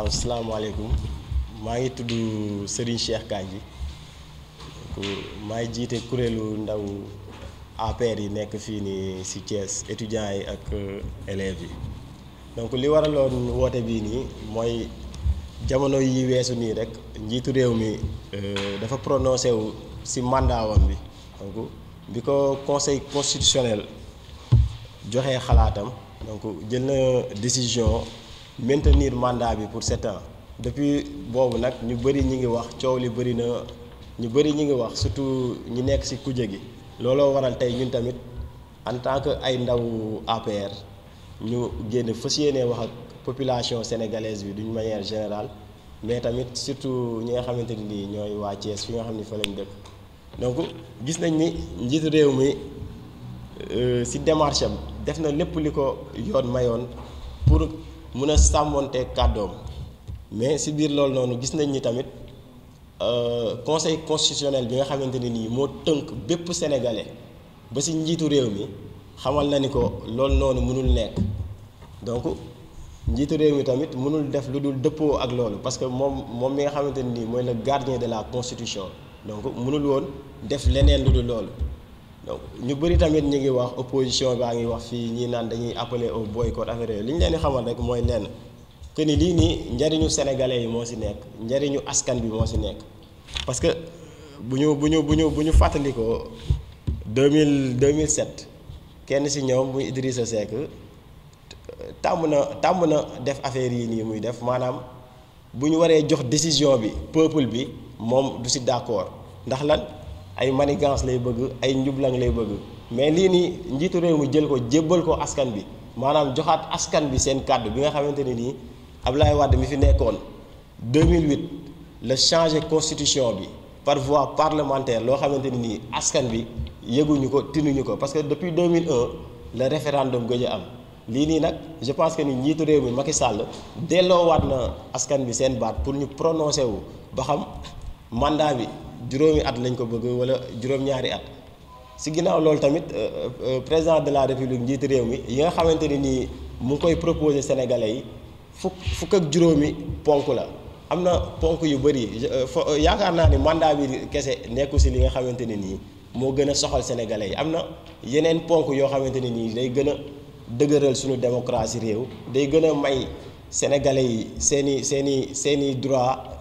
waaw salaamaaleykum maa ngi tudd Serigne Cheikh Kandji maa ngi jiite kuréelu ndaw APR yi nekk fii nii si Thiès étudiants yi ak euh, élèves yi donc li waraloon woote bii nii mooy jamono yi weesu nii rek njiitu réew mi euh, dafa prononcé wu si mandaawam bi donc bi ko conseil constitutionnel joxe xalaatam donc jël na décision. maintenir mandat bi pour sept ans depuis boobu nag ñu bëri ñu ngi wax coow li bëri na ñu bëri ñu ngi wax surtout ñu nekk ci kujje gi looloo waral tey ñun tamit en tant que ay ndaw APR ñu génn fas yéene wax ak population sénégalaise bi duñu manière général mais tamit surtout ñi nga xamante ni nii ñooy waa Thiès fi nga xam ni fa lañ dëkk donc gis nañ ni njiitu réew mi euh, ci démarche am def na lépp li ko yoon mayoon pour mun a sàmmonteeg kàddoom mais si biir loolu noonu gis nañ ni tamit euh, conseil constitutionnel bi nga xamante ne nii moo tënk bépp sénégalais ba si njiitu réew mi xamal na ni ko loolu noonu mënul nekk donc njiitu réew mi tamit mënul def lu dul dëppoo ak loolu parce que moom moom mi nga xamante ne nii mooy le gardien de la constitution donc mënul woon def leneen lu dul loolu. donc ñu bëri tamit ñu ngi wax opposition baa ngi wax fii ñii naan dañuy appeler au boycott affaire yooyu li ñu leen di xamal rek mooy lenn que ni lii nii njariñu sénégalais yi moo ci nekk njariñu askan bi moo ci nekk. parce que bu ñu bu ñu bu ñu bu ñu fàttalikoo 2000 2007 kenn ci ñëw muy Idrissa seek tàmm na tàmm na def affaire yii nii muy def maanaam bu ñu waree jox décision bi peuple bi moom du ci d'accord ndax la ay manigance lay bëgg ay njublang lay bëgg mais lii nii njiitu réew mi jël ko jébbal ko askan bi maanaam joxaat askan bi seen kàddu bi nga xamante ne nii Abdoulaye Wade mi fi nekkoon 2008 la changé constitution bi par voie parlementaire loo xamante ni nii askan bi yëguñu ko tinuñu ko parce que depuis 2001 le référendum gëj a am lii nii nag je pense que ni njiitu réew mi Macky Sall delloowaat na askan bi seen baat pour ñu prononcé wu ba xam mandat bi. juróomi at lañ ko bëgg wala juróom-ñaari at si ginnaaw loolu tamit euh, euh, euh, président de la république njiitu réew mi yi nga xamante ne nii mu koy proposé sénégalais yi fukk fukk ak juróomi ponk la am na ponk yu bëri yaakaar naa ni mandat bi kese nekku si li nga xamante ne nii moo gën a soxal sénégalais yi am na yeneen ponk yoo xamante ne nii day gën a dëgëral suñu démocratie réew day gën a may sénégalais yi seen i seeni i droit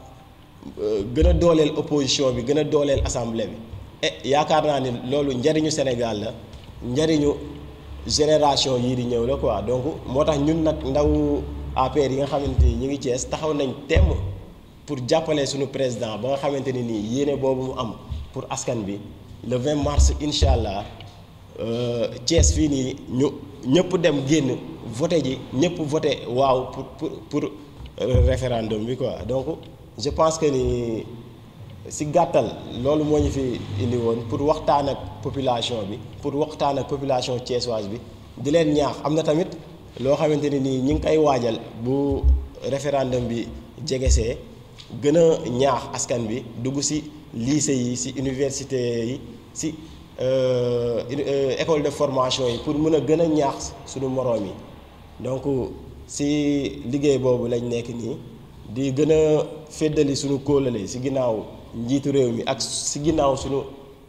gën a dooleel opposition bi gën a dooleel assemblée bi e yaakaar naa ni loolu njariñu Sénégal la njariñu génération yii di ñëw la quoi donc moo tax ñun nag ndaw APR yi nga xamante ni ñu ngi Thiès taxaw nañ temm pour jàppale suñu président ba nga xamante ni nii yéene boobu mu am pour askan bi le 20 mars incha allah euh, Thiès fii nii ñu ñëpp dem génn voté ji ñëpp voté waaw pour pour pour euh, référendum bi quoi donc. je pense que ni si gàttal loolu moo ñu fi indi woon pour waxtaan ak population bi pour waxtaan ak population thiessoise bi di leen ñaax am na tamit loo xamante ne nii ñi ngi koy waajal bu référendum bi jegesee gën a ñaax askan bi dugg si lycée yi si université yi si euh, euh, école de formation yi pour mën a gën a ñaax suñu moroom yi donc si liggéey boobu lañ nekk nii di gën a féddali suñu kóolale si ginnaaw njiitu réew mi ak si ginnaaw sunu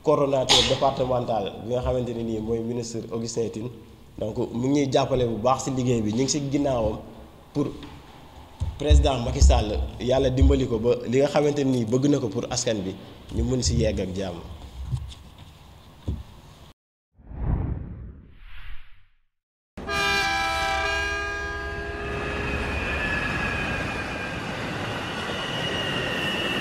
coordonnateur départemental bi nga xamante ne nii mooy ministre Augustin Tine donc mu ngi jàppale bu baax si liggéey bi ñu ngi si ginnaawam pour président Macky Sall yàlla dimbali ko ba li nga xamante ni bëgg na ko pour askan bi ñu mun si yegg ak jàmm.